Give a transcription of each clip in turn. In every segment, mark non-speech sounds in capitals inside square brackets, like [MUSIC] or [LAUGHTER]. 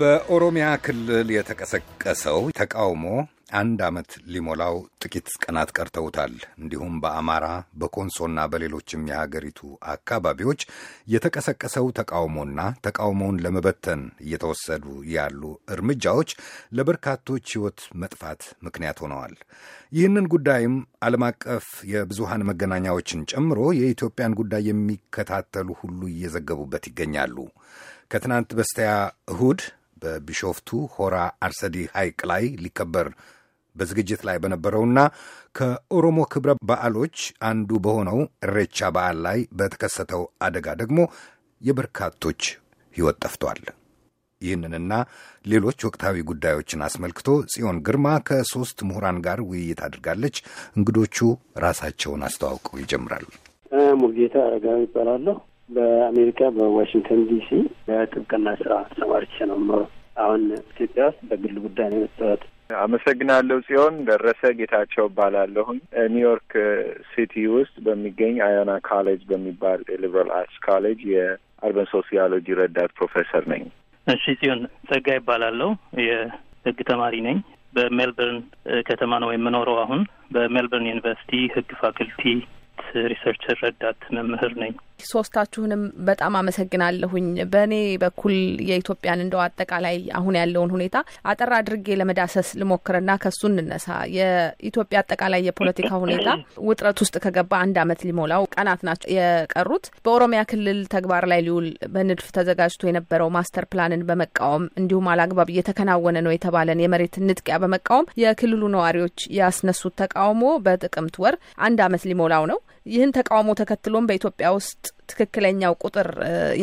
በኦሮሚያ ክልል የተቀሰቀሰው ተቃውሞ አንድ ዓመት ሊሞላው ጥቂት ቀናት ቀርተውታል። እንዲሁም በአማራ በኮንሶና በሌሎችም የሀገሪቱ አካባቢዎች የተቀሰቀሰው ተቃውሞና ተቃውሞውን ለመበተን እየተወሰዱ ያሉ እርምጃዎች ለበርካቶች ሕይወት መጥፋት ምክንያት ሆነዋል። ይህንን ጉዳይም ዓለም አቀፍ የብዙሃን መገናኛዎችን ጨምሮ የኢትዮጵያን ጉዳይ የሚከታተሉ ሁሉ እየዘገቡበት ይገኛሉ። ከትናንት በስቲያ እሁድ በቢሾፍቱ ሆራ አርሰዲ ሐይቅ ላይ ሊከበር በዝግጅት ላይ በነበረውና ከኦሮሞ ክብረ በዓሎች አንዱ በሆነው እሬቻ በዓል ላይ በተከሰተው አደጋ ደግሞ የበርካቶች ሕይወት ጠፍቷል። ይህንንና ሌሎች ወቅታዊ ጉዳዮችን አስመልክቶ ጽዮን ግርማ ከሦስት ምሁራን ጋር ውይይት አድርጋለች። እንግዶቹ ራሳቸውን አስተዋውቀው ይጀምራል። ሙልጌታ አረጋዊ ይባላለሁ። በአሜሪካ በዋሽንግተን ዲሲ በጥብቅና ስራ ተሰማርቼ ነው የምኖረው። አሁን ኢትዮጵያ ውስጥ በግል ጉዳይ ነው የመጣሁት። አመሰግናለሁ። ጽዮን ደረሰ ጌታቸው እባላለሁኝ። ኒውዮርክ ሲቲ ውስጥ በሚገኝ አዮና ካሌጅ በሚባል የሊበራል አርትስ ካሌጅ የአርበን ሶሲዮሎጂ ረዳት ፕሮፌሰር ነኝ። እሺ ጽዮን ጸጋ ይባላለሁ። የህግ ተማሪ ነኝ። በሜልበርን ከተማ ነው የምኖረው። አሁን በሜልበርን ዩኒቨርሲቲ ህግ ፋክልቲ ሪሰርች ረዳት መምህር ነኝ። ሶስታችሁንም በጣም አመሰግናለሁኝ። በእኔ በኩል የኢትዮጵያን እንደው አጠቃላይ አሁን ያለውን ሁኔታ አጠር አድርጌ ለመዳሰስ ልሞክርና ከሱ እንነሳ። የኢትዮጵያ አጠቃላይ የፖለቲካ ሁኔታ [COUGHS] ውጥረት ውስጥ ከገባ አንድ አመት ሊሞላው ቀናት ናቸው የቀሩት። በኦሮሚያ ክልል ተግባር ላይ ሊውል በንድፍ ተዘጋጅቶ የነበረው ማስተር ፕላንን በመቃወም እንዲሁም አላግባብ እየተከናወነ ነው የተባለን የመሬት ንጥቂያ በመቃወም የክልሉ ነዋሪዎች ያስነሱት ተቃውሞ በጥቅምት ወር አንድ አመት ሊሞላው ነው። ይህን ተቃውሞ ተከትሎም በኢትዮጵያ ውስጥ ትክክለኛው ቁጥር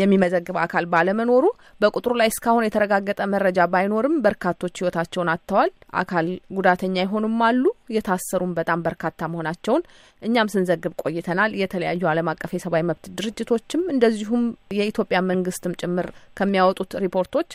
የሚመዘግብ አካል ባለመኖሩ በቁጥሩ ላይ እስካሁን የተረጋገጠ መረጃ ባይኖርም በርካቶች ህይወታቸውን አጥተዋል። አካል ጉዳተኛ የሆኑም አሉ። የታሰሩም በጣም በርካታ መሆናቸውን እኛም ስንዘግብ ቆይተናል። የተለያዩ ዓለም አቀፍ የሰብአዊ መብት ድርጅቶችም እንደዚሁም የኢትዮጵያ መንግስትም ጭምር ከሚያወጡት ሪፖርቶች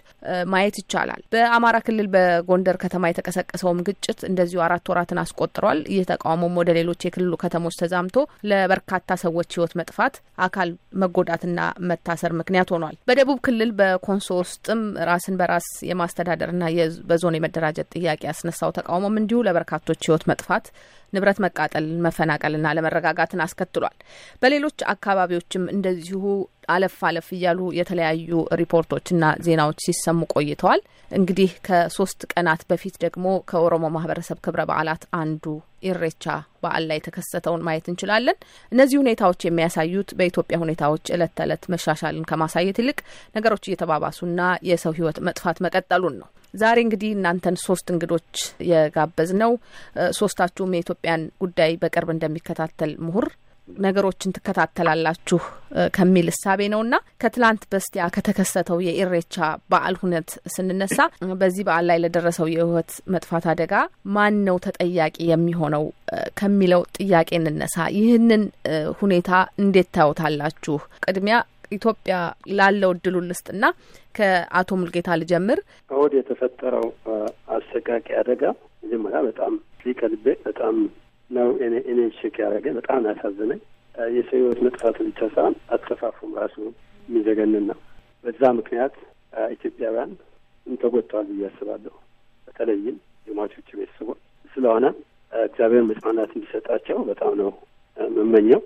ማየት ይቻላል። በአማራ ክልል በጎንደር ከተማ የተቀሰቀሰውም ግጭት እንደዚሁ አራት ወራትን አስቆጥሯል። እየተቃውሞም ወደ ሌሎች የክልሉ ከተሞች ተዛምቶ ለበርካታ ሰዎች ህይወት መጥፋት አካል መጎዳትና መታሰር ምክንያት ሆኗል። በደቡብ ክልል በኮንሶ ውስጥም ራስን በራስ የማስተዳደርና በዞን የመደራጀት ጥያቄ ያስነሳው ተቃውሞም እንዲሁ ለበርካቶች ህይወት መጥፋት፣ ንብረት መቃጠል፣ መፈናቀልና ለመረጋጋትን አስከትሏል። በሌሎች አካባቢዎችም እንደዚሁ አለፍ አለፍ እያሉ የተለያዩ ሪፖርቶችና ዜናዎች ሲሰሙ ቆይተዋል። እንግዲህ ከሶስት ቀናት በፊት ደግሞ ከኦሮሞ ማህበረሰብ ክብረ በዓላት አንዱ ኢሬቻ በዓል ላይ የተከሰተውን ማየት እንችላለን። እነዚህ ሁኔታዎች የሚያሳዩት በኢትዮጵያ ሁኔታዎች እለት ተዕለት መሻሻልን ከማሳየት ይልቅ ነገሮች እየተባባሱና የሰው ህይወት መጥፋት መቀጠሉን ነው። ዛሬ እንግዲህ እናንተን ሶስት እንግዶች የጋበዝ ነው። ሶስታችሁም የኢትዮጵያን ጉዳይ በቅርብ እንደሚከታተል ምሁር ነገሮችን ትከታተላላችሁ ከሚል እሳቤ ነው ና ከትላንት በስቲያ ከተከሰተው የኢሬቻ በዓል ሁነት ስንነሳ በዚህ በዓል ላይ ለደረሰው የህይወት መጥፋት አደጋ ማን ነው ተጠያቂ የሚሆነው ከሚለው ጥያቄ እንነሳ። ይህንን ሁኔታ እንዴት ታዩታላችሁ? ቅድሚያ ኢትዮጵያ ላለው እድሉን ልስጥና ከአቶ ሙልጌታ ልጀምር። እሁድ የተፈጠረው አሰቃቂ አደጋ መጀመሪያ በጣም ሊቀልቤ በጣም ነው እኔን ሽክ ያደረገ በጣም ያሳዝነኝ። የሰው ህይወት መጥፋት ብቻ ሳይሆን አተፋፉም ራሱ የሚዘገንን ነው። በዛ ምክንያት ኢትዮጵያውያን እንተጎጥተዋል ብዬ አስባለሁ። በተለይም የሟቾች ቤተሰቦች ስለሆነ እግዚአብሔር መጽናናት እንዲሰጣቸው በጣም ነው የምመኘው።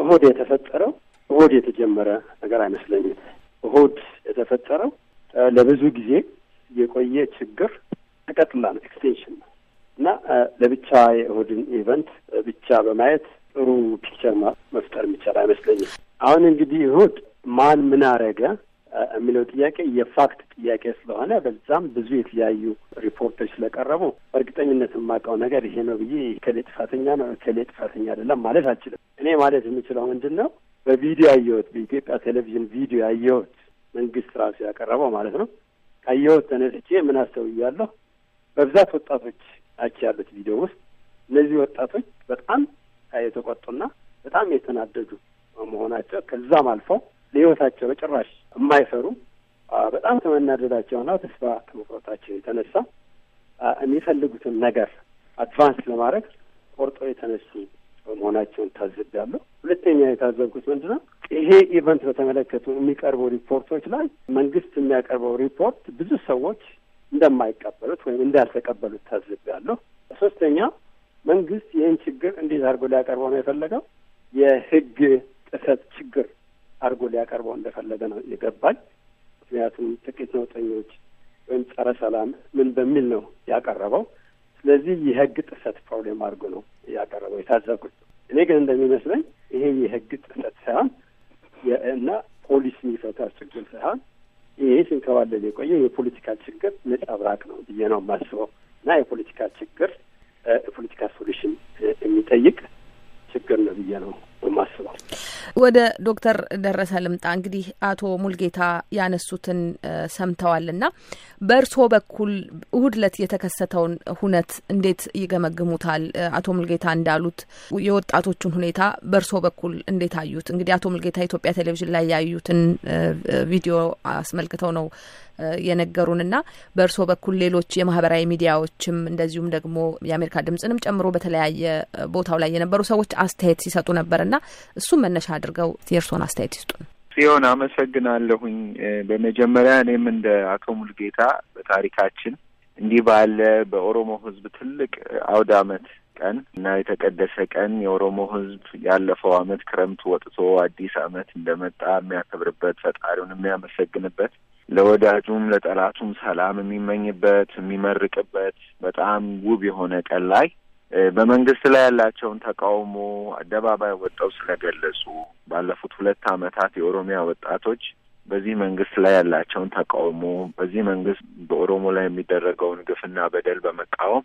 እሁድ የተፈጠረው እሁድ የተጀመረ ነገር አይመስለኝም። እሁድ የተፈጠረው ለብዙ ጊዜ የቆየ ችግር ተቀጥላ ነው፣ ኤክስቴንሽን ነው እና ለብቻ የእሁድን ኢቨንት ብቻ በማየት ጥሩ ፒክቸር መፍጠር የሚቻል አይመስለኝም። አሁን እንግዲህ እሁድ ማን ምን አረገ የሚለው ጥያቄ የፋክት ጥያቄ ስለሆነ በዛም ብዙ የተለያዩ ሪፖርቶች ስለቀረቡ በእርግጠኝነት የማውቀው ነገር ይሄ ነው ብዬ ከሌ ጥፋተኛ ነው ከሌ ጥፋተኛ አይደለም ማለት አልችልም። እኔ ማለት የምችለው ምንድን ነው በቪዲዮ ያየሁት በኢትዮጵያ ቴሌቪዥን ቪዲዮ ያየሁት መንግስት ራሱ ያቀረበው ማለት ነው። ካየሁት ተነስቼ ምን አስተውያለሁ? በብዛት ወጣቶች አቺ ያሉት ቪዲዮ ውስጥ እነዚህ ወጣቶች በጣም የተቆጡና በጣም የተናደዱ መሆናቸው ከዛም አልፈው ለህይወታቸው በጭራሽ የማይፈሩ በጣም ከመናደዳቸውና ተስፋ ከመቁረጣቸው የተነሳ የሚፈልጉትን ነገር አድቫንስ ለማድረግ ቆርጦ የተነሱ መሆናቸውን ታዝቤያለሁ። ሁለተኛ የታዘብኩት ምንድን ነው? ይሄ ኢቨንት በተመለከቱ የሚቀርቡ ሪፖርቶች ላይ መንግስት የሚያቀርበው ሪፖርት ብዙ ሰዎች እንደማይቀበሉት ወይም እንዳልተቀበሉት ታዝቤያለሁ። ሶስተኛ መንግስት ይህን ችግር እንዴት አድርጎ ሊያቀርበው ነው የፈለገው? የህግ ጥሰት ችግር አድርጎ ሊያቀርበው እንደፈለገ ነው ይገባል። ምክንያቱም ጥቂት ነውጠኞች ወይም ጸረ ሰላም ምን በሚል ነው ያቀረበው። ስለዚህ የህግ ጥሰት ፕሮብሌም አድርጎ ነው ያቀረበው የታዘብኩት። እኔ ግን እንደሚመስለኝ ይሄ የህግ ጥሰት ሳይሆን እና ፖሊስ የሚፈታ ችግር ሳይሆን ይሄ ሲንከባለል የቆየው የፖለቲካ ችግር ነጸብራቅ ነው ብዬ ነው የማስበው እና የፖለቲካ ችግር የፖለቲካ ሶሉሽን የሚጠይቅ ችግር ነው ብዬ ነው የማስበው። ወደ ዶክተር ደረሰ ልምጣ። እንግዲህ አቶ ሙልጌታ ያነሱትን ሰምተዋል እና በእርስዎ በኩል እሁድ ዕለት የተከሰተውን ሁነት እንዴት ይገመግሙታል? አቶ ሙልጌታ እንዳሉት የወጣቶቹን ሁኔታ በእርስዎ በኩል እንዴት አዩት? እንግዲህ አቶ ሙልጌታ ኢትዮጵያ ቴሌቪዥን ላይ ያዩትን ቪዲዮ አስመልክተው ነው እና በእርስዎ በኩል ሌሎች የማህበራዊ ሚዲያዎችም እንደዚሁም ደግሞ የአሜሪካ ድምጽንም ጨምሮ በተለያየ ቦታው ላይ የነበሩ ሰዎች አስተያየት ሲሰጡ ነበርና እሱም መነሻ አድርገው የእርስዎን አስተያየት ይስጡን። ጽዮን አመሰግናለሁኝ። በመጀመሪያ እኔም እንደ አቶ ሙልጌታ በታሪካችን እንዲህ ባለ በኦሮሞ ሕዝብ ትልቅ አውደ አመት ቀን እና የተቀደሰ ቀን የኦሮሞ ሕዝብ ያለፈው አመት ክረምት ወጥቶ አዲስ ዓመት እንደመጣ የሚያከብርበት ፈጣሪውን የሚያመሰግንበት ለወዳጁም ለጠላቱም ሰላም የሚመኝበት የሚመርቅበት በጣም ውብ የሆነ ቀን ላይ በመንግስት ላይ ያላቸውን ተቃውሞ አደባባይ ወጠው ስለገለጹ ባለፉት ሁለት ዓመታት የኦሮሚያ ወጣቶች በዚህ መንግስት ላይ ያላቸውን ተቃውሞ በዚህ መንግስት በኦሮሞ ላይ የሚደረገውን ግፍና በደል በመቃወም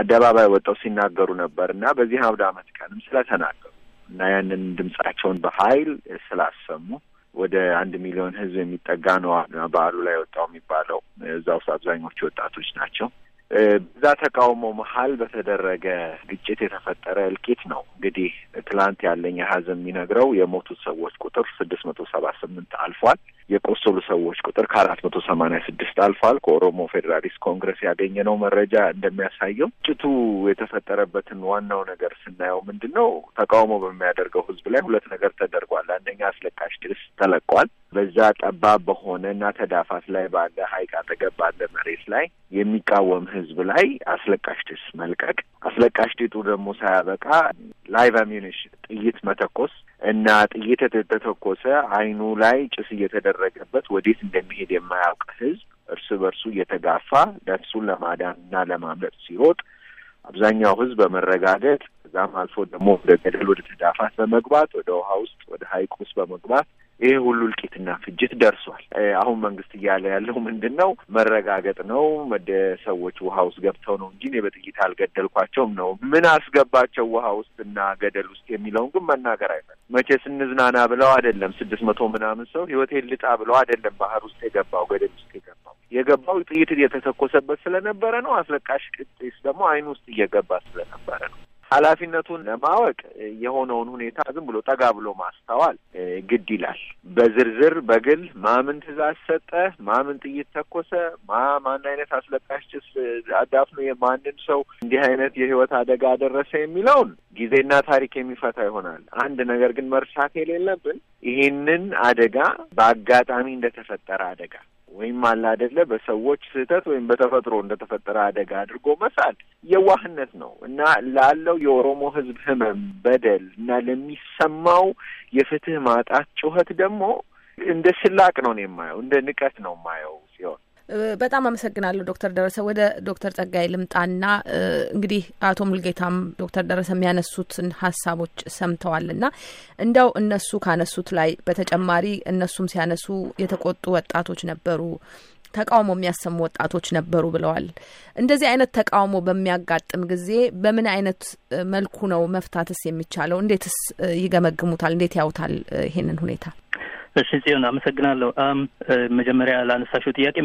አደባባይ ወጠው ሲናገሩ ነበር እና በዚህ አውደ ዓመት ቀንም ስለተናገሩ እና ያንን ድምጻቸውን በኃይል ስላሰሙ ወደ አንድ ሚሊዮን ህዝብ የሚጠጋ ነው በዓሉ ላይ ወጣው የሚባለው። እዛ ውስጥ አብዛኞቹ ወጣቶች ናቸው። በዛ ተቃውሞ መሀል በተደረገ ግጭት የተፈጠረ እልቂት ነው። እንግዲህ ትላንት ያለኝ ሀዘን የሚነግረው የሞቱት ሰዎች ቁጥር ስድስት መቶ ሰባ ስምንት አልፏል። የቆሰሉ ሰዎች ቁጥር ከአራት መቶ ሰማኒያ ስድስት አልፏል። ከኦሮሞ ፌዴራሊስት ኮንግረስ ያገኘነው መረጃ እንደሚያሳየው ግጭቱ የተፈጠረበትን ዋናው ነገር ስናየው ምንድን ነው? ተቃውሞ በሚያደርገው ህዝብ ላይ ሁለት ነገር ተደርጓል። አንደኛ አስለቃሽ ጭስ ተለቋል። በዛ ጠባብ በሆነ እና ተዳፋት ላይ ባለ ሀይቅ አጠገብ ባለ መሬት ላይ የሚቃወም ህዝብ ላይ አስለቃሽ ጭስ መልቀቅ፣ አስለቃሽ ጢጡ ደግሞ ሳያበቃ ላይቭ ጥይት መተኮስ እና ጥይት የተተኮሰ አይኑ ላይ ጭስ እየተደረገበት ወዴት እንደሚሄድ የማያውቅ ህዝብ እርስ በርሱ እየተጋፋ ነፍሱን ለማዳን እና ለማምለጥ ሲሮጥ አብዛኛው ህዝብ በመረጋገጥ ከዛም አልፎ ደግሞ ወደ ገደል ወደ ተዳፋት በመግባት ወደ ውሃ ውስጥ ወደ ሀይቅ ውስጥ በመግባት ይሄ ሁሉ እልቂትና ፍጅት ደርሷል። አሁን መንግስት እያለ ያለው ምንድን ነው? መረጋገጥ ነው። መደ ሰዎች ውሃ ውስጥ ገብተው ነው እንጂ እኔ በጥይት አልገደልኳቸውም ነው። ምን አስገባቸው ውሃ ውስጥ እና ገደል ውስጥ የሚለውን ግን መናገር አይፈል። መቼ ስንዝናና ብለው አይደለም ስድስት መቶ ምናምን ሰው ህይወቴ ልጣ ብለው አይደለም ባህር ውስጥ የገባው ገደል ውስጥ የገባው የገባው ጥይት የተተኮሰበት ስለነበረ ነው። አስለቃሽ ጭስ ደግሞ አይን ውስጥ እየገባ ስለነበረ ነው። ኃላፊነቱን ለማወቅ የሆነውን ሁኔታ ዝም ብሎ ጠጋ ብሎ ማስተዋል ግድ ይላል። በዝርዝር በግል ማምን ትእዛዝ ሰጠ፣ ማምን ጥይት ተኮሰ፣ ማ ማን አይነት አስለቃሽ ጭስ አዳፍኖ የማንን ሰው እንዲህ አይነት የህይወት አደጋ አደረሰ የሚለውን ጊዜና ታሪክ የሚፈታ ይሆናል። አንድ ነገር ግን መርሳት የሌለብን ይህንን አደጋ በአጋጣሚ እንደተፈጠረ አደጋ ወይም አለ አይደለ በሰዎች ስህተት ወይም በተፈጥሮ እንደተፈጠረ አደጋ አድርጎ መሳል የዋህነት ነው እና ላለው የኦሮሞ ህዝብ ህመም፣ በደል እና ለሚሰማው የፍትህ ማጣት ጩኸት ደግሞ እንደ ስላቅ ነው የማየው፣ እንደ ንቀት ነው የማየው ሲሆን በጣም አመሰግናለሁ ዶክተር ደረሰ። ወደ ዶክተር ጸጋይ ልምጣና እንግዲህ አቶ ሙልጌታም ዶክተር ደረሰ የሚያነሱትን ሀሳቦች ሰምተዋል እና እንደው እነሱ ካነሱት ላይ በተጨማሪ እነሱም ሲያነሱ የተቆጡ ወጣቶች ነበሩ፣ ተቃውሞ የሚያሰሙ ወጣቶች ነበሩ ብለዋል። እንደዚህ አይነት ተቃውሞ በሚያጋጥም ጊዜ በምን አይነት መልኩ ነው መፍታትስ የሚቻለው? እንዴትስ ይገመግሙታል? እንዴት ያውታል ይሄንን ሁኔታ? እሺ ጽዮን አመሰግናለሁ። መጀመሪያ ለአነሳሽው ጥያቄ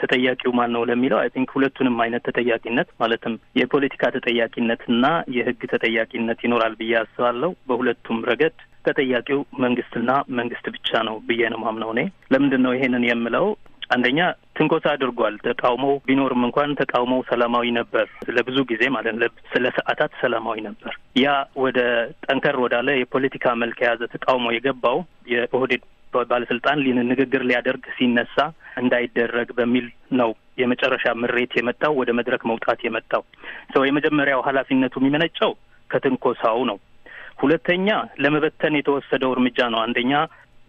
ተጠያቂው ማን ነው ለሚለው አይ ቲንክ ሁለቱንም አይነት ተጠያቂነት ማለትም የፖለቲካ ተጠያቂነት እና የህግ ተጠያቂነት ይኖራል ብዬ አስባለሁ። በሁለቱም ረገድ ተጠያቂው መንግስትና መንግስት ብቻ ነው ብዬ ነው ማምነው። እኔ ለምንድን ነው ይሄንን የምለው? አንደኛ ትንኮሳ አድርጓል። ተቃውሞው ቢኖርም እንኳን ተቃውሞው ሰላማዊ ነበር፣ ለብዙ ጊዜ ማለት ስለ ለሰዓታት ሰላማዊ ነበር። ያ ወደ ጠንከር ወዳለ የፖለቲካ መልክ የያዘ ተቃውሞ የገባው የኦህዴድ ባለስልጣን ንግግር ሊያደርግ ሲነሳ እንዳይደረግ በሚል ነው የመጨረሻ ምሬት የመጣው ወደ መድረክ መውጣት የመጣው ሰው የመጀመሪያው ኃላፊነቱ የሚመነጨው ከትንኮሳው ነው። ሁለተኛ ለመበተን የተወሰደው እርምጃ ነው። አንደኛ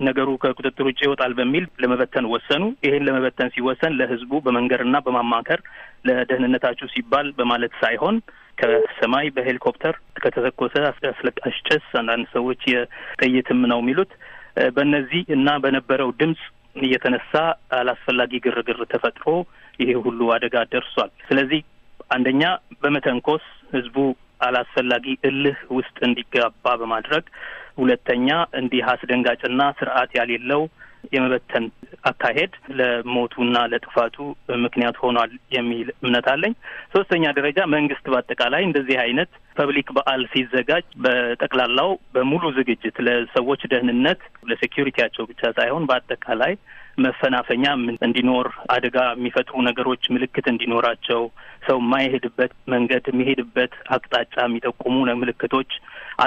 ነገሩ ከቁጥጥር ውጭ ይወጣል በሚል ለመበተን ወሰኑ። ይሄን ለመበተን ሲወሰን ለህዝቡ በመንገርና በማማከር ለደህንነታችሁ ሲባል በማለት ሳይሆን ከሰማይ በሄሊኮፕተር ከተተኮሰ አስለቃሽ ጭስ አንዳንድ ሰዎች የጥይትም ነው የሚሉት በእነዚህ እና በነበረው ድምፅ እየተነሳ አላስፈላጊ ግርግር ተፈጥሮ ይሄ ሁሉ አደጋ ደርሷል። ስለዚህ አንደኛ በመተንኮስ ህዝቡ አላስፈላጊ እልህ ውስጥ እንዲጋባ በማድረግ ሁለተኛ እንዲህ አስደንጋጭና ስርዓት ያሌለው የመበተን አካሄድ ለሞቱና ለጥፋቱ ምክንያት ሆኗል የሚል እምነት አለኝ። ሶስተኛ ደረጃ መንግስት በአጠቃላይ እንደዚህ አይነት ፐብሊክ በዓል ሲዘጋጅ በጠቅላላው በሙሉ ዝግጅት ለሰዎች ደህንነት ለሴኪሪቲያቸው ብቻ ሳይሆን በአጠቃላይ መፈናፈኛ እንዲኖር አደጋ የሚፈጥሩ ነገሮች ምልክት እንዲኖራቸው ሰው የማይሄድበት መንገድ የሚሄድበት አቅጣጫ የሚጠቁሙ ምልክቶች፣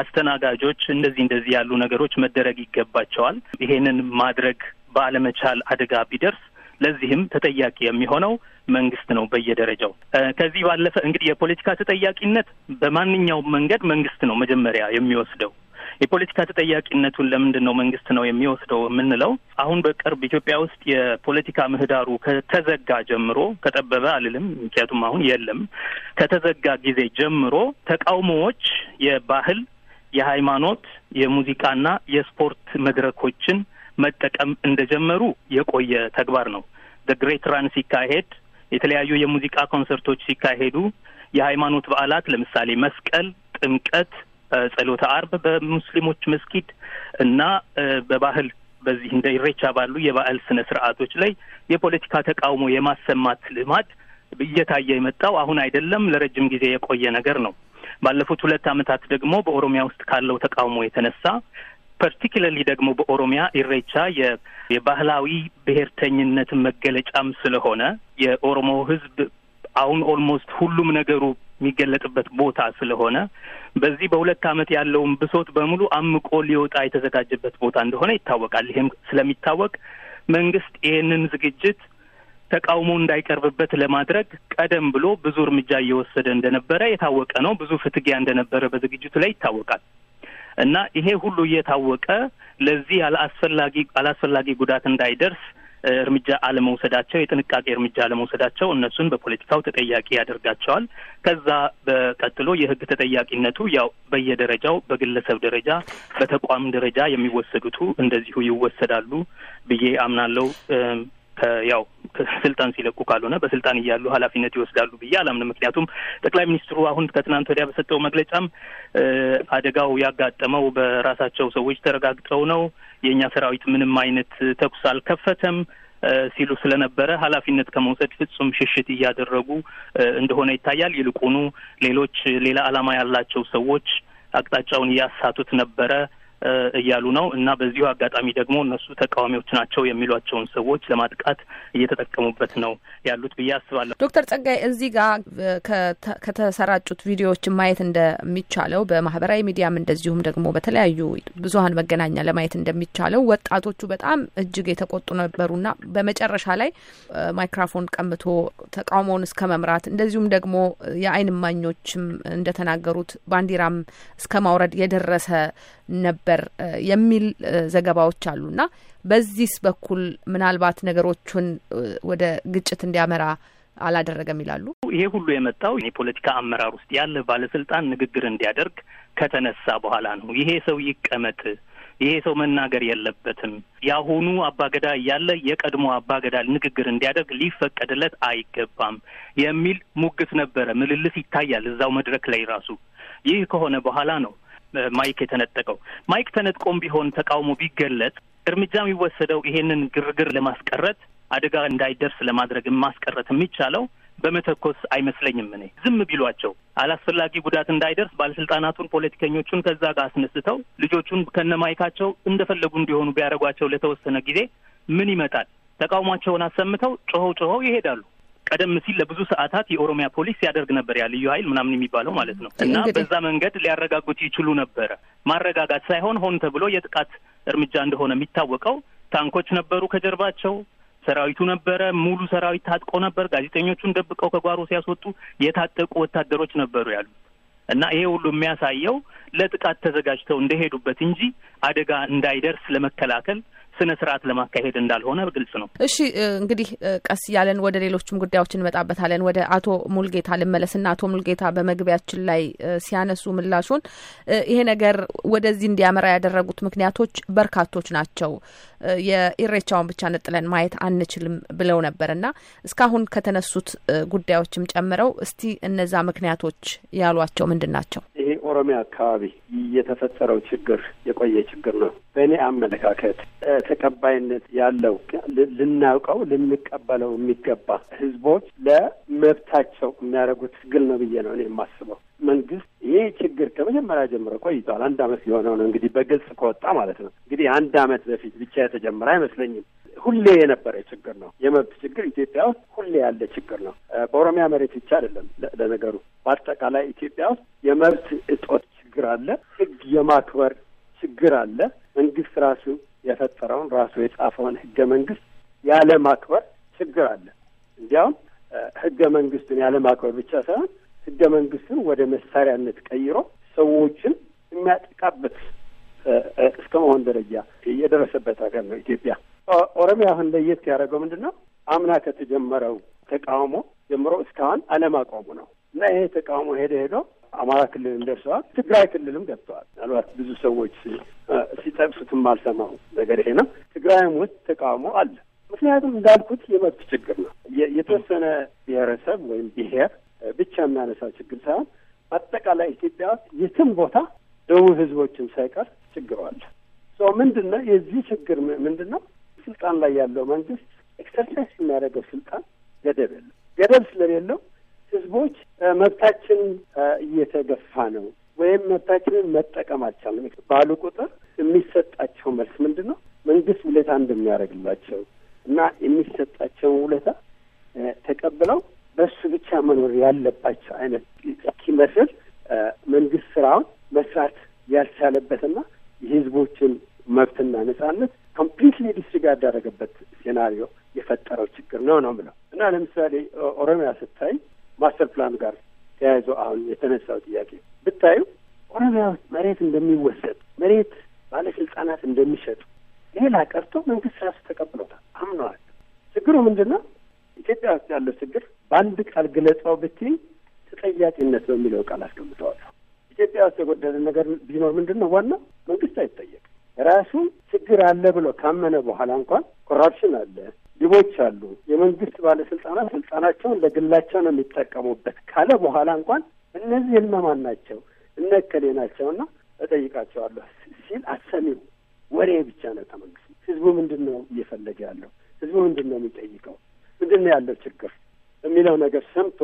አስተናጋጆች እንደዚህ እንደዚህ ያሉ ነገሮች መደረግ ይገባቸዋል። ይሄንን ማድረግ ባለመቻል አደጋ ቢደርስ ለዚህም ተጠያቂ የሚሆነው መንግስት ነው በየደረጃው። ከዚህ ባለፈ እንግዲህ የፖለቲካ ተጠያቂነት በማንኛውም መንገድ መንግስት ነው መጀመሪያ የሚወስደው። የፖለቲካ ተጠያቂነቱን ለምንድን ነው መንግስት ነው የሚወስደው የምንለው አሁን በቅርብ ኢትዮጵያ ውስጥ የፖለቲካ ምህዳሩ ከተዘጋ ጀምሮ ከጠበበ አልልም፣ ምክንያቱም አሁን የለም። ከተዘጋ ጊዜ ጀምሮ ተቃውሞዎች የባህል፣ የሃይማኖት፣ የሙዚቃና የስፖርት መድረኮችን መጠቀም እንደጀመሩ የቆየ ተግባር ነው። ግሬት ራን ሲካሄድ የተለያዩ የሙዚቃ ኮንሰርቶች ሲካሄዱ የሃይማኖት በዓላት ለምሳሌ መስቀል፣ ጥምቀት፣ ጸሎተ አርብ በሙስሊሞች መስጊድ እና በባህል በዚህ እንደ ኢሬቻ ባሉ የባህል ስነ ስርዓቶች ላይ የፖለቲካ ተቃውሞ የማሰማት ልማድ እየታየ የመጣው አሁን አይደለም፣ ለረጅም ጊዜ የቆየ ነገር ነው። ባለፉት ሁለት ዓመታት ደግሞ በኦሮሚያ ውስጥ ካለው ተቃውሞ የተነሳ ፐርቲክለርሊ ደግሞ በኦሮሚያ ኢሬቻ የባህላዊ ብሔርተኝነት መገለጫም ስለሆነ የኦሮሞ ህዝብ አሁን ኦልሞስት ሁሉም ነገሩ የሚገለጥበት ቦታ ስለሆነ በዚህ በሁለት አመት ያለውን ብሶት በሙሉ አምቆ ሊወጣ የተዘጋጀበት ቦታ እንደሆነ ይታወቃል። ይህም ስለሚታወቅ መንግስት ይህንን ዝግጅት ተቃውሞ እንዳይቀርብበት ለማድረግ ቀደም ብሎ ብዙ እርምጃ እየወሰደ እንደነበረ የታወቀ ነው። ብዙ ፍትጊያ እንደነበረ በዝግጅቱ ላይ ይታወቃል እና ይሄ ሁሉ እየታወቀ ለዚህ አላስፈላጊ አላስፈላጊ ጉዳት እንዳይደርስ እርምጃ አለመውሰዳቸው የጥንቃቄ እርምጃ አለመውሰዳቸው እነሱን በፖለቲካው ተጠያቂ ያደርጋቸዋል። ከዛ በቀጥሎ የህግ ተጠያቂነቱ ያው በየደረጃው በግለሰብ ደረጃ በተቋም ደረጃ የሚወሰዱቱ እንደዚሁ ይወሰዳሉ ብዬ አምናለው። ያው ስልጣን ሲለቁ ካልሆነ በስልጣን እያሉ ኃላፊነት ይወስዳሉ ብዬ አላምንም። ምክንያቱም ጠቅላይ ሚኒስትሩ አሁን ከትናንት ወዲያ በሰጠው መግለጫም አደጋው ያጋጠመው በራሳቸው ሰዎች ተረጋግጠው ነው፣ የእኛ ሰራዊት ምንም አይነት ተኩስ አልከፈተም ሲሉ ስለነበረ ኃላፊነት ከመውሰድ ፍጹም ሽሽት እያደረጉ እንደሆነ ይታያል። ይልቁኑ ሌሎች ሌላ ዓላማ ያላቸው ሰዎች አቅጣጫውን እያሳቱት ነበረ እያሉ ነው እና በዚሁ አጋጣሚ ደግሞ እነሱ ተቃዋሚዎች ናቸው የሚሏቸውን ሰዎች ለማጥቃት እየተጠቀሙበት ነው ያሉት ብዬ አስባለሁ። ዶክተር ጸጋይ እዚህ ጋር ከተሰራጩት ቪዲዮዎችን ማየት እንደሚቻለው በማህበራዊ ሚዲያም እንደዚሁም ደግሞ በተለያዩ ብዙሀን መገናኛ ለማየት እንደሚቻለው ወጣቶቹ በጣም እጅግ የተቆጡ ነበሩና በመጨረሻ ላይ ማይክራፎን ቀምቶ ተቃውሞውን እስከ መምራት እንደዚሁም ደግሞ የአይን እማኞችም እንደተናገሩት ባንዲራም እስከ ማውረድ የደረሰ ነበር። ነበር የሚል ዘገባዎች አሉና በዚህስ በኩል ምናልባት ነገሮቹን ወደ ግጭት እንዲያመራ አላደረገም ይላሉ። ይሄ ሁሉ የመጣው የፖለቲካ አመራር ውስጥ ያለ ባለስልጣን ንግግር እንዲያደርግ ከተነሳ በኋላ ነው። ይሄ ሰው ይቀመጥ፣ ይሄ ሰው መናገር የለበትም፣ የአሁኑ አባገዳ እያለ የቀድሞ አባገዳ ንግግር እንዲያደርግ ሊፈቀድለት አይገባም የሚል ሙግት ነበረ። ምልልስ ይታያል እዛው መድረክ ላይ ራሱ። ይህ ከሆነ በኋላ ነው ማይክ የተነጠቀው። ማይክ ተነጥቆም ቢሆን ተቃውሞ ቢገለጽ እርምጃ የሚወሰደው ይሄንን ግርግር ለማስቀረት አደጋ እንዳይደርስ ለማድረግ ማስቀረት የሚቻለው በመተኮስ አይመስለኝም። እኔ ዝም ቢሏቸው አላስፈላጊ ጉዳት እንዳይደርስ ባለስልጣናቱን፣ ፖለቲከኞቹን ከዛ ጋር አስነስተው ልጆቹን ከነማይካቸው እንደፈለጉ እንዲሆኑ ቢያደርጓቸው ለተወሰነ ጊዜ ምን ይመጣል? ተቃውሟቸውን አሰምተው ጮኸው ጮኸው ይሄዳሉ። ቀደም ሲል ለብዙ ሰዓታት የኦሮሚያ ፖሊስ ሲያደርግ ነበር ያ ልዩ ኃይል ምናምን የሚባለው ማለት ነው። እና በዛ መንገድ ሊያረጋጉት ይችሉ ነበረ። ማረጋጋት ሳይሆን ሆን ተብሎ የጥቃት እርምጃ እንደሆነ የሚታወቀው ታንኮች ነበሩ ከጀርባቸው ሰራዊቱ ነበረ። ሙሉ ሰራዊት ታጥቆ ነበር። ጋዜጠኞቹን ደብቀው ከጓሮ ሲያስወጡ የታጠቁ ወታደሮች ነበሩ ያሉት እና ይሄ ሁሉ የሚያሳየው ለጥቃት ተዘጋጅተው እንደሄዱበት እንጂ አደጋ እንዳይደርስ ለመከላከል ስነ ስርዓት ለማካሄድ እንዳልሆነ ግልጽ ነው። እሺ እንግዲህ ቀስ እያለን ወደ ሌሎችም ጉዳዮች እንመጣበታለን። ወደ አቶ ሙልጌታ ልመለስና አቶ ሙልጌታ በመግቢያችን ላይ ሲያነሱ ምላሹን ይሄ ነገር ወደዚህ እንዲያመራ ያደረጉት ምክንያቶች በርካቶች ናቸው፣ የኢሬቻውን ብቻ ነጥለን ማየት አንችልም ብለው ነበርና እስካሁን ከተነሱት ጉዳዮችም ጨምረው እስቲ እነዛ ምክንያቶች ያሏቸው ምንድን ናቸው? ይሄ ኦሮሚያ አካባቢ የተፈጠረው ችግር የቆየ ችግር ነው በእኔ አመለካከት ተቀባይነት ያለው ልናውቀው ልንቀበለው የሚገባ ህዝቦች ለመብታቸው የሚያደርጉት ትግል ነው ብዬ ነው እኔ የማስበው። መንግስት ይህ ችግር ከመጀመሪያ ጀምሮ ቆይቷል። አንድ አመት ሊሆነው ነው እንግዲህ በግልጽ ከወጣ ማለት ነው። እንግዲህ አንድ አመት በፊት ብቻ የተጀመረ አይመስለኝም። ሁሌ የነበረ ችግር ነው። የመብት ችግር ኢትዮጵያ ውስጥ ሁሌ ያለ ችግር ነው። በኦሮሚያ መሬት ብቻ አይደለም። ለነገሩ በአጠቃላይ ኢትዮጵያ ውስጥ የመብት እጦት ችግር አለ። ህግ የማክበር ችግር አለ። መንግስት ራሱ የፈጠረውን ራሱ የጻፈውን ህገ መንግስት ያለ ማክበር ችግር አለ። እንዲያውም ህገ መንግስቱን ያለ ማክበር ብቻ ሳይሆን ህገ መንግስቱን ወደ መሳሪያነት ቀይሮ ሰዎችን የሚያጠቃበት እስከ መሆን ደረጃ የደረሰበት ሀገር ነው ኢትዮጵያ። ኦሮሚያ አሁን ለየት ያደረገው ምንድን ነው? አምና ከተጀመረው ተቃውሞ ጀምሮ እስካሁን አለማቆሙ ነው እና ይሄ ተቃውሞ ሄደ ሄዶ አማራ ክልልም ደርሰዋል። ትግራይ ክልልም ገብተዋል። ምናልባት ብዙ ሰዎች ሲጠቅሱትም አልሰማው ነገር ይሄ ነው። ትግራይም ውስጥ ተቃውሞ አለ። ምክንያቱም እንዳልኩት የመብት ችግር ነው። የተወሰነ ብሔረሰብ ወይም ብሔር ብቻ የሚያነሳው ችግር ሳይሆን አጠቃላይ ኢትዮጵያ ውስጥ የትም ቦታ ደቡብ ህዝቦችን ሳይቀር ችግሩ አለ። ምንድን ነው የዚህ ችግር ምንድን ነው? ስልጣን ላይ ያለው መንግስት ኤክሰርሳይዝ የሚያደርገው ስልጣን ገደብ የለም። ገደብ ስለሌለው ህዝቦች መብታችን እየተገፋ ነው ወይም መብታችንን መጠቀም አልቻለም ባሉ ቁጥር የሚሰጣቸው መልስ ምንድን ነው? መንግስት ውለታ እንደሚያደርግላቸው እና የሚሰጣቸውን ውለታ ተቀብለው በሱ ብቻ መኖር ያለባቸው አይነት እስኪመስል መንግስት ስራውን መስራት ያልቻለበትና የህዝቦችን መብትና ነጻነት ኮምፕሊትሊ ዲስሪጋርድ ያደረገበት ሴናሪዮ የፈጠረው ችግር ነው ነው ብለው እና ለምሳሌ ኦሮሚያ ስታይ ማስተር ፕላን ጋር ተያይዞ አሁን የተነሳው ጥያቄ ብታዩ ኦሮሚያ ውስጥ መሬት እንደሚወሰድ መሬት ባለስልጣናት እንደሚሸጡ ሌላ ቀርቶ መንግስት ራሱ ተቀብሎታል፣ አምነዋል። ችግሩ ምንድን ነው? ኢትዮጵያ ውስጥ ያለው ችግር በአንድ ቃል ግለጸው ብትይ ተጠያቂነት በሚለው ቃል አስቀምጠዋል። ኢትዮጵያ ውስጥ የጎደለ ነገር ቢኖር ምንድን ነው? ዋናው መንግስት አይጠየቅም። ራሱ ችግር አለ ብሎ ካመነ በኋላ እንኳን ኮራፕሽን አለ፣ ዲቦች አሉ። የመንግስት ባለስልጣናት ስልጣናቸውን ለግላቸው ነው የሚጠቀሙበት ካለ በኋላ እንኳን እነዚህ እነማን ናቸው እነ እከሌ ናቸውና እጠይቃቸዋለሁ ሲል አሰሚው ወሬ ብቻ ነው። ተመንግስት። ህዝቡ ምንድን ነው እየፈለገ ያለው? ህዝቡ ምንድን ነው የሚጠይቀው? ምንድን ነው ያለው ችግር የሚለው ነገር ሰምቶ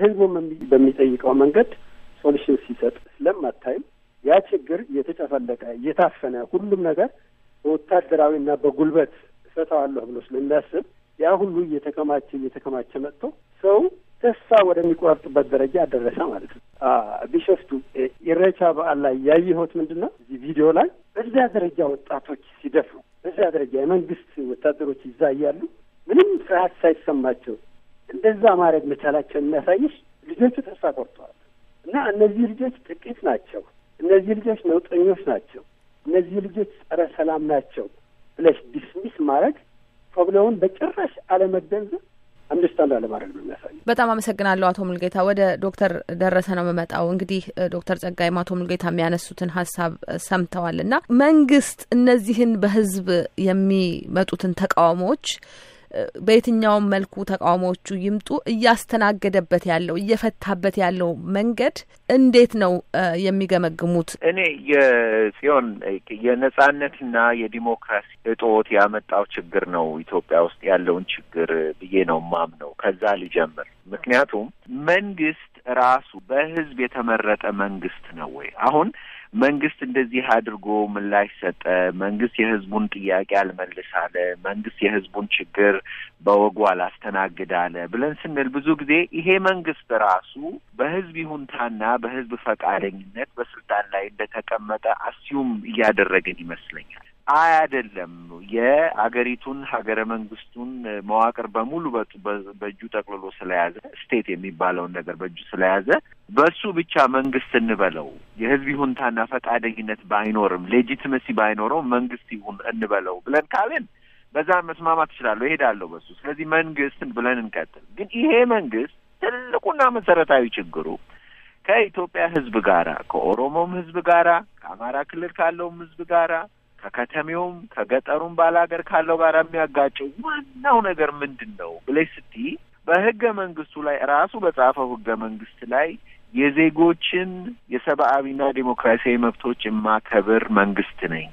ህዝቡ በሚጠይቀው መንገድ ሶሉሽን ሲሰጥ ስለማታይም ያ ችግር እየተጨፈለቀ እየታፈነ ሁሉም ነገር ና በጉልበት እፈታዋለሁ ብሎ ስለሚያስብ ያ ሁሉ እየተከማቸ እየተከማቸ መጥቶ ሰው ተስፋ ወደሚቆርጥበት ደረጃ አደረሰ ማለት ነው። ቢሸፍቱ ኢሬቻ በዓል ላይ ያየሁት ምንድን ነው? እዚህ ቪዲዮ ላይ በዚያ ደረጃ ወጣቶች ሲደፍሩ፣ በዚያ ደረጃ የመንግስት ወታደሮች ይዛ እያሉ ምንም ፍርሃት ሳይሰማቸው እንደዛ ማድረግ መቻላቸው የሚያሳይሽ ልጆቹ ተስፋ ቆርጠዋል እና እነዚህ ልጆች ጥቂት ናቸው። እነዚህ ልጆች ነውጠኞች ናቸው። እነዚህ ልጆች ጸረ ሰላም ናቸው። ፕለስ ዲስሚስ ማድረግ ፕሮብለሙን በጭራሽ አለመገንዘብ አንደርስታንድ አለማድረግ ነው የሚያሳየው። በጣም አመሰግናለሁ አቶ ሙልጌታ። ወደ ዶክተር ደረሰ ነው የምመጣው። እንግዲህ ዶክተር ጸጋይም አቶ ሙልጌታ የሚያነሱትን ሀሳብ ሰምተዋል እና መንግስት እነዚህን በህዝብ የሚመጡትን ተቃውሞዎች በየትኛውም መልኩ ተቃውሞዎቹ ይምጡ እያስተናገደበት ያለው እየፈታበት ያለው መንገድ እንዴት ነው የሚገመግሙት? እኔ የጽዮን የነጻነትና የዲሞክራሲ እጦት ያመጣው ችግር ነው ኢትዮጵያ ውስጥ ያለውን ችግር ብዬ ነው ማምነው። ከዛ ልጀምር። ምክንያቱም መንግስት ራሱ በህዝብ የተመረጠ መንግስት ነው ወይ አሁን መንግስት እንደዚህ አድርጎ ምላሽ ሰጠ፣ መንግስት የህዝቡን ጥያቄ አልመልስ አለ፣ መንግስት የህዝቡን ችግር በወጉ አላስተናግድ አለ ብለን ስንል ብዙ ጊዜ ይሄ መንግስት ራሱ በህዝብ ይሁንታና በህዝብ ፈቃደኝነት በስልጣን ላይ እንደተቀመጠ አስዩም እያደረግን ይመስለኛል። አይደለም የአገሪቱን ሀገረ መንግስቱን መዋቅር በሙሉ በእጁ ጠቅልሎ ስለያዘ ስቴት የሚባለውን ነገር በእጁ ስለያዘ በሱ ብቻ መንግስት እንበለው የህዝብ ይሁንታና ፈቃደኝነት ባይኖርም ሌጂትመሲ ባይኖረው መንግስት ይሁን እንበለው ብለን ካልን በዛ መስማማት እችላለሁ እሄዳለሁ በሱ ስለዚህ መንግስት ብለን እንቀጥል ግን ይሄ መንግስት ትልቁና መሰረታዊ ችግሩ ከኢትዮጵያ ህዝብ ጋራ ከኦሮሞም ህዝብ ጋራ ከአማራ ክልል ካለውም ህዝብ ጋራ ከከተሜውም ከገጠሩም ባላገር ካለው ጋር የሚያጋጨው ዋናው ነገር ምንድን ነው ብለሽ ስቲ በህገ መንግስቱ ላይ ራሱ በጻፈው ህገ መንግስት ላይ የዜጎችን የሰብአዊና ዴሞክራሲያዊ መብቶች የማከብር መንግስት ነኝ።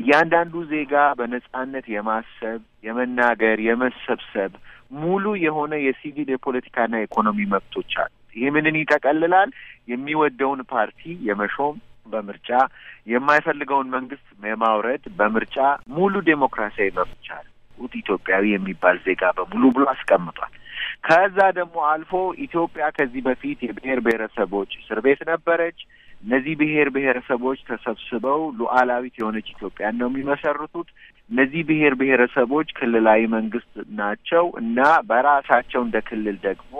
እያንዳንዱ ዜጋ በነጻነት የማሰብ፣ የመናገር፣ የመሰብሰብ ሙሉ የሆነ የሲቪል የፖለቲካና የኢኮኖሚ መብቶች አሉ። ይህ ምንን ይጠቀልላል? የሚወደውን ፓርቲ የመሾም በምርጫ የማይፈልገውን መንግስት የማውረድ በምርጫ ሙሉ ዴሞክራሲያዊ መብት አለው ኢትዮጵያዊ የሚባል ዜጋ በሙሉ ብሎ አስቀምጧል። ከዛ ደግሞ አልፎ ኢትዮጵያ ከዚህ በፊት የብሔር ብሔረሰቦች እስር ቤት ነበረች። እነዚህ ብሔር ብሔረሰቦች ተሰብስበው ሉዓላዊት የሆነች ኢትዮጵያን ነው የሚመሰርቱት። እነዚህ ብሔር ብሔረሰቦች ክልላዊ መንግስት ናቸው እና በራሳቸው እንደ ክልል ደግሞ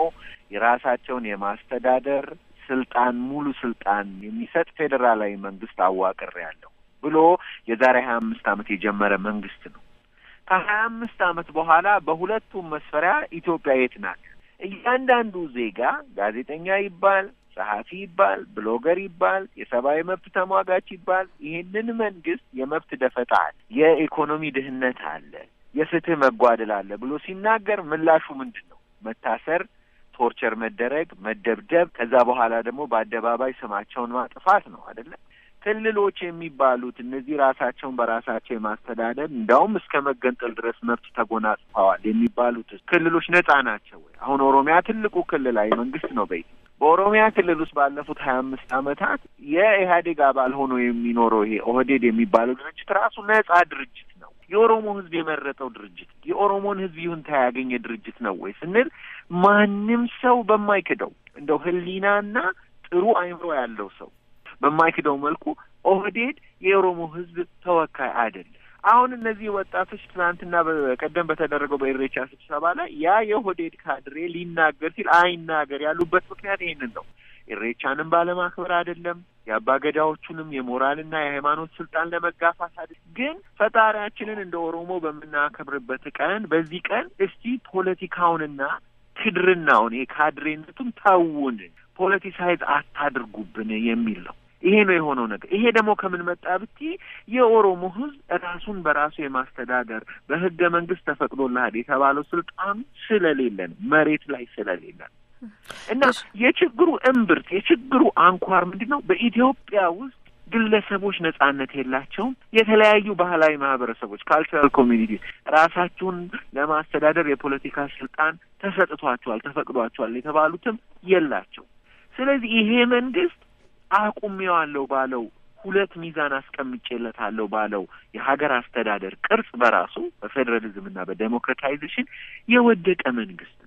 የራሳቸውን የማስተዳደር ስልጣን ሙሉ ስልጣን የሚሰጥ ፌዴራላዊ መንግስት አዋቅር ያለው ብሎ የዛሬ ሀያ አምስት አመት የጀመረ መንግስት ነው። ከሀያ አምስት አመት በኋላ በሁለቱም መስፈሪያ ኢትዮጵያ የት ናት? እያንዳንዱ ዜጋ ጋዜጠኛ ይባል፣ ጸሐፊ ይባል፣ ብሎገር ይባል፣ የሰብአዊ መብት ተሟጋች ይባል ይህንን መንግስት የመብት ደፈጣ አለ፣ የኢኮኖሚ ድህነት አለ፣ የፍትህ መጓደል አለ ብሎ ሲናገር ምላሹ ምንድን ነው? መታሰር፣ ቶርቸር መደረግ፣ መደብደብ፣ ከዛ በኋላ ደግሞ በአደባባይ ስማቸውን ማጥፋት ነው አይደለም። ክልሎች የሚባሉት እነዚህ ራሳቸውን በራሳቸው የማስተዳደር እንዲያውም እስከ መገንጠል ድረስ መብት ተጎናጽፈዋል የሚባሉት ክልሎች ነጻ ናቸው ወይ? አሁን ኦሮሚያ ትልቁ ክልላዊ መንግስት ነው በይ በኦሮሚያ ክልል ውስጥ ባለፉት ሀያ አምስት አመታት የኢህአዴግ አባል ሆኖ የሚኖረው ይሄ ኦህዴድ የሚባለው ድርጅት ራሱ ነጻ ድርጅት የኦሮሞ ህዝብ የመረጠው ድርጅት የኦሮሞን ህዝብ ይሁንታ ያገኘ ድርጅት ነው ወይ ስንል ማንም ሰው በማይክደው እንደው ህሊናና ጥሩ አይምሮ ያለው ሰው በማይክደው መልኩ ኦህዴድ የኦሮሞ ህዝብ ተወካይ አይደለም። አሁን እነዚህ ወጣቶች ትናንትና በቀደም በተደረገው በኢሬቻ ስብሰባ ላይ ያ የኦህዴድ ካድሬ ሊናገር ሲል አይናገር ያሉበት ምክንያት ይህንን ነው። ኢሬቻንም ባለማክበር አይደለም የአባገዳዎቹንም የሞራልና የሃይማኖት ስልጣን ለመጋፋት አይደል። ግን ፈጣሪያችንን እንደ ኦሮሞ በምናከብርበት ቀን በዚህ ቀን እስቲ ፖለቲካውንና ክድርናውን የካድሬነቱን ታውን ፖለቲሳይዝ አታድርጉብን የሚል ነው። ይሄ ነው የሆነው ነገር። ይሄ ደግሞ ከምን መጣ ብቲ የኦሮሞ ህዝብ ራሱን በራሱ የማስተዳደር በህገ መንግስት ተፈቅዶልሃል የተባለው ስልጣኑ ስለሌለን መሬት ላይ ስለሌለን እና የችግሩ እምብርት የችግሩ አንኳር ምንድን ነው? በኢትዮጵያ ውስጥ ግለሰቦች ነጻነት የላቸውም። የተለያዩ ባህላዊ ማህበረሰቦች ካልቸራል ኮሚኒቲ ራሳቸውን ለማስተዳደር የፖለቲካ ስልጣን ተሰጥቷቸዋል፣ ተፈቅዷቸዋል የተባሉትም የላቸው። ስለዚህ ይሄ መንግስት አቁሜዋለሁ ባለው ሁለት ሚዛን አስቀምጬለታለሁ ባለው የሀገር አስተዳደር ቅርጽ በራሱ በፌዴራሊዝምና በዴሞክራታይዜሽን የወደቀ መንግስት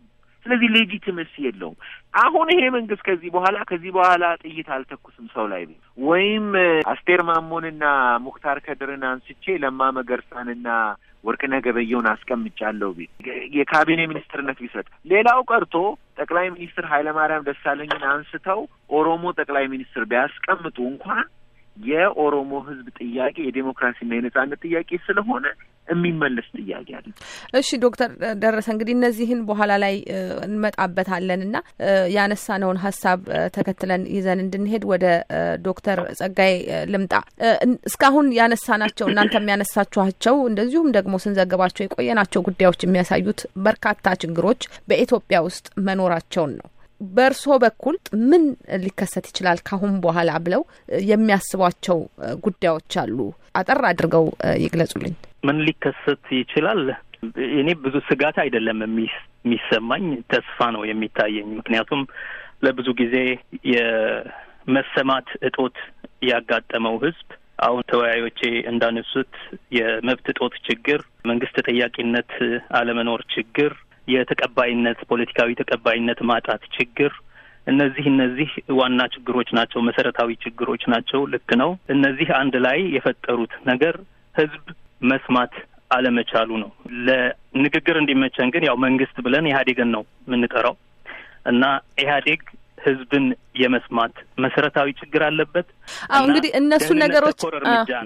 ስለዚህ ሌጂቲመሲ የለውም። አሁን ይሄ መንግስት ከዚህ በኋላ ከዚህ በኋላ ጥይት አልተኩስም ሰው ላይ ወይም አስቴር ማሞንና ሙክታር ከድርን አንስቼ ለማ መገርሳንና ወርቅነህ ገበየውን አስቀምጫለሁ ቤት የካቢኔ ሚኒስትርነት ቢሰጥ ሌላው ቀርቶ ጠቅላይ ሚኒስትር ኃይለማርያም ደሳለኝን አንስተው ኦሮሞ ጠቅላይ ሚኒስትር ቢያስቀምጡ እንኳን የኦሮሞ ህዝብ ጥያቄ የዴሞክራሲና የነጻነት ጥያቄ ስለሆነ የሚመለስ ጥያቄ አለ። እሺ ዶክተር ደረሰ እንግዲህ እነዚህን በኋላ ላይ እንመጣበታለን እና ያነሳነውን ሀሳብ ተከትለን ይዘን እንድንሄድ ወደ ዶክተር ጸጋይ ልምጣ። እስካሁን ያነሳናቸው እናንተ የሚያነሳችኋቸው እንደዚሁም ደግሞ ስንዘግባቸው የቆየናቸው ጉዳዮች የሚያሳዩት በርካታ ችግሮች በኢትዮጵያ ውስጥ መኖራቸውን ነው። በእርስዎ በኩል ምን ሊከሰት ይችላል ካሁን በኋላ ብለው የሚያስቧቸው ጉዳዮች አሉ? አጠር አድርገው ይግለጹልኝ። ምን ሊከሰት ይችላል? እኔ ብዙ ስጋት አይደለም የሚሰማኝ፣ ተስፋ ነው የሚታየኝ። ምክንያቱም ለብዙ ጊዜ የመሰማት እጦት ያጋጠመው ህዝብ አሁን ተወያዮቼ እንዳነሱት የመብት እጦት ችግር፣ መንግስት ተጠያቂነት አለመኖር ችግር፣ የተቀባይነት ፖለቲካዊ ተቀባይነት ማጣት ችግር እነዚህ እነዚህ ዋና ችግሮች ናቸው፣ መሰረታዊ ችግሮች ናቸው። ልክ ነው። እነዚህ አንድ ላይ የፈጠሩት ነገር ህዝብ መስማት አለመቻሉ ነው። ለንግግር እንዲመቸን ግን ያው መንግስት ብለን ኢህአዴግን ነው የምንጠራው እና ኢህአዴግ ህዝብን የመስማት መሰረታዊ ችግር አለበት። አሁ እንግዲህ እነሱን ነገሮች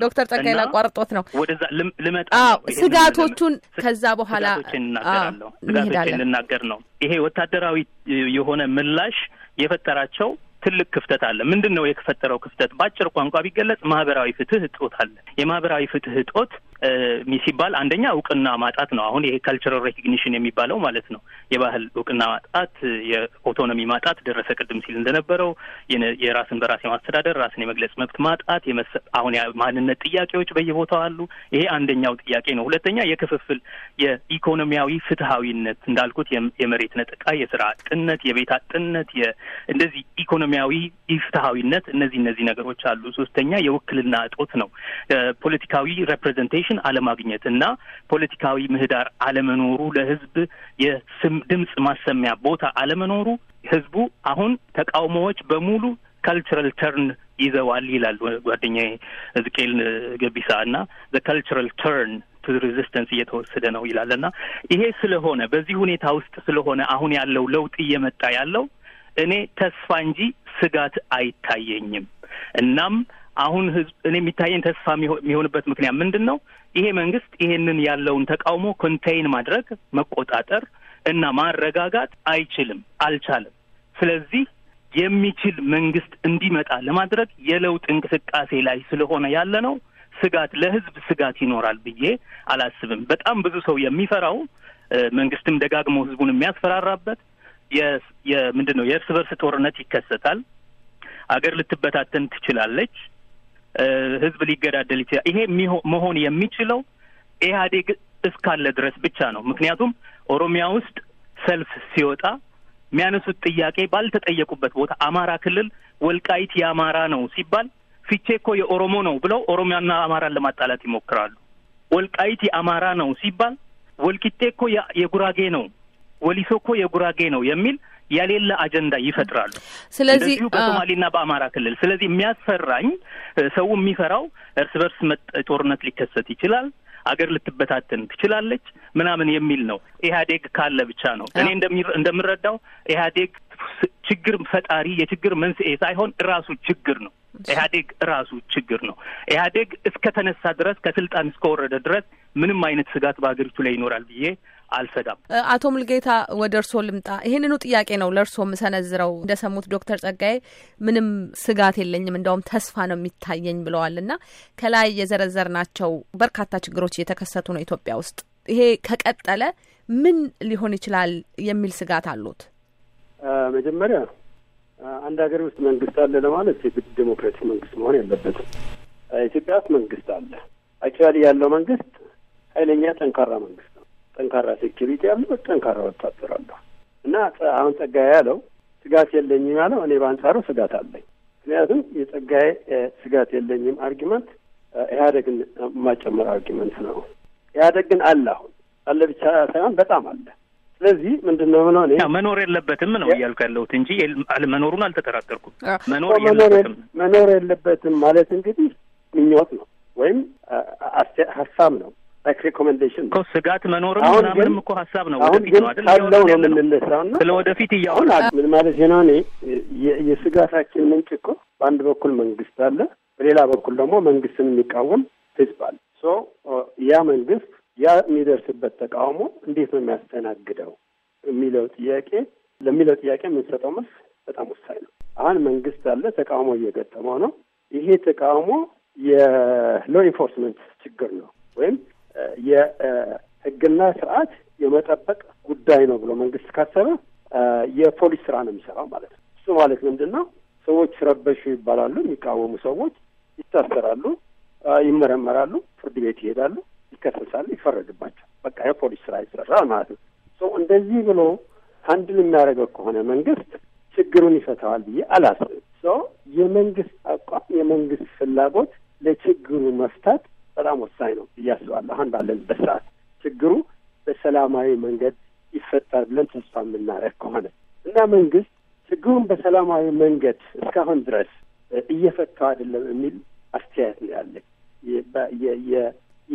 ዶክተር ጸጋይ ላቋርጦት ነው ወደዛ ልመጣ ስጋቶቹን ከዛ በኋላ ስጋቶችን ልናገር ነው። ይሄ ወታደራዊ የሆነ ምላሽ የፈጠራቸው ትልቅ ክፍተት አለ። ምንድን ነው የፈጠረው ክፍተት? በአጭር ቋንቋ ቢገለጽ ማህበራዊ ፍትህ እጦት አለ። የማህበራዊ ፍትህ እጦት ሲባል አንደኛ እውቅና ማጣት ነው። አሁን ይሄ ካልቸራል ሬኮግኒሽን የሚባለው ማለት ነው። የባህል እውቅና ማጣት፣ የኦቶኖሚ ማጣት ደረሰ ቅድም ሲል እንደነበረው የራስን በራስ የማስተዳደር ራስን የመግለጽ መብት ማጣት፣ አሁን ማንነት ጥያቄዎች በየቦታው አሉ። ይሄ አንደኛው ጥያቄ ነው። ሁለተኛ የክፍፍል የኢኮኖሚያዊ ፍትሐዊነት እንዳልኩት የመሬት ነጠቃ፣ የስራ አጥነት፣ የቤት አጥነት፣ እንደዚህ ኢኮኖሚያዊ ፍትሐዊነት፣ እነዚህ እነዚህ ነገሮች አሉ። ሶስተኛ የውክልና እጦት ነው። ፖለቲካዊ ሬፕሬዘንቴሽን ግንኙነቶችን አለማግኘት እና ፖለቲካዊ ምህዳር አለመኖሩ፣ ለህዝብ የስም ድምፅ ማሰሚያ ቦታ አለመኖሩ ህዝቡ አሁን ተቃውሞዎች በሙሉ ካልቸራል ተርን ይዘዋል ይላል ጓደኛ እዝቄል ገቢሳ እና ዘ ካልቸራል ተርን ቱ ሬዚስተንስ እየተወሰደ ነው ይላል እና ይሄ ስለሆነ በዚህ ሁኔታ ውስጥ ስለሆነ አሁን ያለው ለውጥ እየመጣ ያለው እኔ ተስፋ እንጂ ስጋት አይታየኝም። እናም አሁን ህዝብ እኔ የሚታየኝ ተስፋ የሚሆንበት ምክንያት ምንድን ነው? ይሄ መንግስት ይሄንን ያለውን ተቃውሞ ኮንቴይን ማድረግ መቆጣጠር እና ማረጋጋት አይችልም፣ አልቻለም። ስለዚህ የሚችል መንግስት እንዲመጣ ለማድረግ የለውጥ እንቅስቃሴ ላይ ስለሆነ ያለ ነው ስጋት ለህዝብ ስጋት ይኖራል ብዬ አላስብም። በጣም ብዙ ሰው የሚፈራው መንግስትም ደጋግሞ ህዝቡን የሚያስፈራራበት የምንድን ነው የእርስ በርስ ጦርነት ይከሰታል። አገር ልትበታተን ትችላለች። ህዝብ ሊገዳደል ይችላል። ይሄ መሆን የሚችለው ኢህአዴግ እስካለ ድረስ ብቻ ነው። ምክንያቱም ኦሮሚያ ውስጥ ሰልፍ ሲወጣ የሚያነሱት ጥያቄ ባልተጠየቁበት ቦታ አማራ ክልል ወልቃይት የአማራ ነው ሲባል ፊቼ እኮ የኦሮሞ ነው ብለው ኦሮሚያና አማራን ለማጣላት ይሞክራሉ። ወልቃይት የአማራ ነው ሲባል ወልቂጤ እኮ የጉራጌ ነው፣ ወሊሶ እኮ የጉራጌ ነው የሚል የሌለ አጀንዳ ይፈጥራሉ። ስለዚህ በሶማሌና በአማራ ክልል ስለዚህ የሚያስፈራኝ ሰው የሚፈራው እርስ በርስ ጦርነት ሊከሰት ይችላል አገር ልትበታተን ትችላለች ምናምን የሚል ነው። ኢህአዴግ ካለ ብቻ ነው እኔ እንደምረዳው ኢህአዴግ ችግር ፈጣሪ የችግር መንስኤ ሳይሆን እራሱ ችግር ነው። ኢህአዴግ ራሱ ችግር ነው። ኢህአዴግ እስከ ተነሳ ድረስ ከስልጣን እስከወረደ ድረስ ምንም አይነት ስጋት በሀገሪቱ ላይ ይኖራል ብዬ አልሰጋም። አቶ ሙልጌታ ወደ እርስዎ ልምጣ። ይህንኑ ጥያቄ ነው ለእርስዎ የምሰነዝረው። እንደሰሙት ዶክተር ጸጋዬ ምንም ስጋት የለኝም እንደውም ተስፋ ነው የሚታየኝ ብለዋል እና ከላይ ናቸው በርካታ ችግሮች እየተከሰቱ ነው ኢትዮጵያ ውስጥ። ይሄ ከቀጠለ ምን ሊሆን ይችላል የሚል ስጋት አሉት? መጀመሪያ አንድ ሀገር ውስጥ መንግስት አለ ለማለት የግድ ዴሞክራሲ መንግስት መሆን የለበትም። ኢትዮጵያ ውስጥ መንግስት አለ። አክቹዋሊ ያለው መንግስት ኃይለኛ ጠንካራ መንግስት ጠንካራ ሴኪሪቲ ያለው ጠንካራ ወታደር አለው እና አሁን ጸጋዬ ያለው ስጋት የለኝም ያለው እኔ በአንጻሩ ስጋት አለኝ። ምክንያቱም የጸጋዬ ስጋት የለኝም አርጊመንት ኢህአደግን ማጨመር አርጊመንት ነው። ኢህአደግ ግን አለ አሁን አለ ብቻ ሳይሆን በጣም አለ። ስለዚህ ምንድን ነው ምን ሆነ መኖር የለበትም ነው እያልኩ ያለሁት እንጂ መኖሩን አልተጠራጠርኩም። መኖር የለበትም መኖር የለበትም ማለት እንግዲህ ምኞት ነው ወይም ሀሳብ ነው ላይክ ሪኮሜንዴሽን እኮ ስጋት መኖርም ምናምንም እኮ ሀሳብ ነው። አሁን ግን ካለው ነው የምንነሳውና ስለ ወደፊት እያሁን ምን ማለት ነው? እኔ የስጋታችን ምንጭ እኮ በአንድ በኩል መንግስት አለ፣ በሌላ በኩል ደግሞ መንግስትን የሚቃወም ህዝብ አለ። ሶ ያ መንግስት ያ የሚደርስበት ተቃውሞ እንዴት ነው የሚያስተናግደው የሚለው ጥያቄ ለሚለው ጥያቄ የምንሰጠው መልስ በጣም ወሳኝ ነው። አሁን መንግስት አለ፣ ተቃውሞ እየገጠመው ነው። ይሄ ተቃውሞ የሎ ኢንፎርስመንት ችግር ነው ወይም የህግና ስርዓት የመጠበቅ ጉዳይ ነው ብሎ መንግስት ካሰበ የፖሊስ ስራ ነው የሚሰራው ማለት ነው። እሱ ማለት ምንድን ነው? ሰዎች ረበሹ ይባላሉ። የሚቃወሙ ሰዎች ይታሰራሉ፣ ይመረመራሉ፣ ፍርድ ቤት ይሄዳሉ፣ ይከሰሳሉ፣ ይፈረድባቸው። በቃ የፖሊስ ስራ ይሰራል ማለት ነው። ሰው እንደዚህ ብሎ ሀንድል የሚያደርገው ከሆነ መንግስት ችግሩን ይፈታዋል ብዬ አላስብም። ሰው የመንግስት አቋም የመንግስት ፍላጎት ለችግሩ መፍታት በጣም ወሳኝ ነው ብዬ አሁን ባለንበት ሰዓት ችግሩ በሰላማዊ መንገድ ይፈጠር ብለን ተስፋ የምናደርግ ከሆነ እና መንግስት ችግሩን በሰላማዊ መንገድ እስካሁን ድረስ እየፈታው አይደለም የሚል አስተያየት ነው ያለ።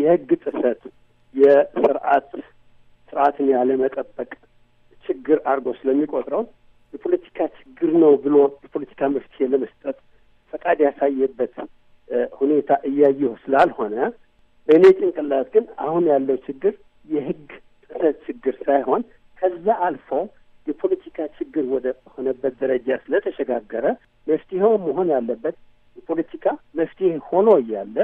የህግ ጥሰት የስርዓት ስርዓትን ያለመጠበቅ ችግር አድርጎ ስለሚቆጥረው የፖለቲካ ችግር ነው ብሎ የፖለቲካ መፍትሄ ለመስጠት ፈቃድ ያሳየበት ሁኔታ እያየሁ ስላልሆነ በእኔ ጭንቅላት ግን አሁን ያለው ችግር የህግ ችግር ሳይሆን ከዛ አልፎ የፖለቲካ ችግር ወደ ሆነበት ደረጃ ስለተሸጋገረ መፍትሄው መሆን ያለበት የፖለቲካ መፍትሄ ሆኖ እያለ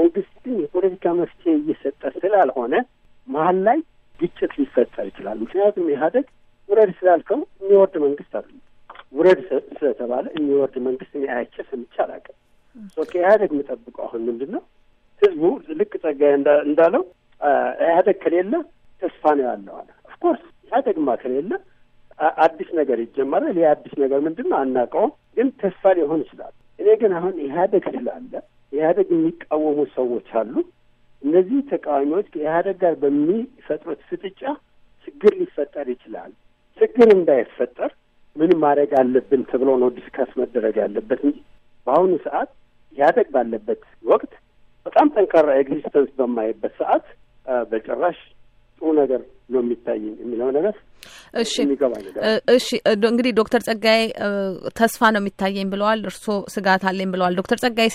መንግስት ግን የፖለቲካ መፍትሄ እየሰጠ ስላልሆነ መሀል ላይ ግጭት ሊፈጠር ይችላል። ምክንያቱም ኢህአዴግ ውረድ ስላልከው የሚወርድ መንግስት አለ። ውረድ ስለተባለ የሚወርድ መንግስት እኔ አይቼ ሰምቼ አላውቅም። ከኢህአዴግ የምጠብቀው አሁን ምንድን ነው ህዝቡ ልክ ጸጋዬ እንዳለው ኢህአዴግ ከሌለ ተስፋ ነው ያለው አለ። ኦፍኮርስ ኢህአዴግማ ከሌለ አዲስ ነገር ይጀመራል። ይህ አዲስ ነገር ምንድን ነው አናውቀውም፣ ግን ተስፋ ሊሆን ይችላል። እኔ ግን አሁን ኢህአዴግ ስላለ ኢህአዴግ የሚቃወሙ ሰዎች አሉ። እነዚህ ተቃዋሚዎች ከኢህአዴግ ጋር በሚፈጥሩት ፍጥጫ ችግር ሊፈጠር ይችላል። ችግር እንዳይፈጠር ምን ማድረግ አለብን ተብሎ ነው ዲስካስ መደረግ ያለበት እንጂ በአሁኑ ሰዓት ያደግ ባለበት ወቅት በጣም ጠንካራ ኤግዚስተንስ በማይበት ሰዓት በጭራሽ ጥሩ ነገር ነው የሚታየኝ የሚለው ነገር እሺ እሺ እንግዲህ ዶክተር ጸጋዬ ተስፋ ነው የሚታየኝ ብለዋል። እርስዎ ስጋት አለኝ ብለዋል። ዶክተር ጸጋዬ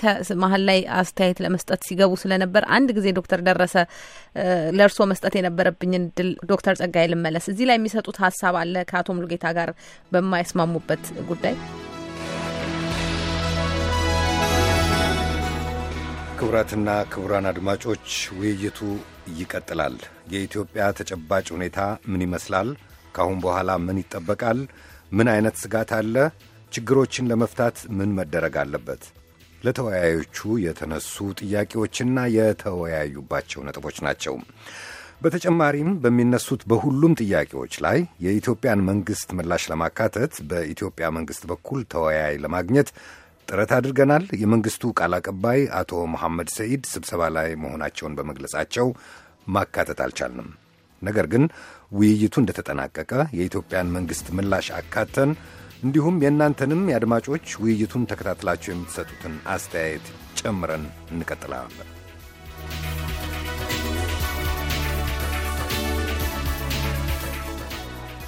መሀል ላይ አስተያየት ለመስጠት ሲገቡ ስለነበር አንድ ጊዜ ዶክተር ደረሰ ለእርስዎ መስጠት የነበረብኝን ድል ዶክተር ጸጋዬ ልመለስ። እዚህ ላይ የሚሰጡት ሀሳብ አለ ከአቶ ሙሉጌታ ጋር በማይስማሙበት ጉዳይ ክቡራትና ክቡራን አድማጮች ውይይቱ ይቀጥላል። የኢትዮጵያ ተጨባጭ ሁኔታ ምን ይመስላል? ከአሁን በኋላ ምን ይጠበቃል? ምን አይነት ስጋት አለ? ችግሮችን ለመፍታት ምን መደረግ አለበት? ለተወያዮቹ የተነሱ ጥያቄዎችና የተወያዩባቸው ነጥቦች ናቸው። በተጨማሪም በሚነሱት በሁሉም ጥያቄዎች ላይ የኢትዮጵያን መንግሥት ምላሽ ለማካተት በኢትዮጵያ መንግሥት በኩል ተወያይ ለማግኘት ጥረት አድርገናል። የመንግስቱ ቃል አቀባይ አቶ መሐመድ ሰኢድ ስብሰባ ላይ መሆናቸውን በመግለጻቸው ማካተት አልቻልንም። ነገር ግን ውይይቱ እንደተጠናቀቀ የኢትዮጵያን መንግስት ምላሽ አካተን እንዲሁም የእናንተንም የአድማጮች ውይይቱን ተከታትላቸው የምትሰጡትን አስተያየት ጨምረን እንቀጥላለን።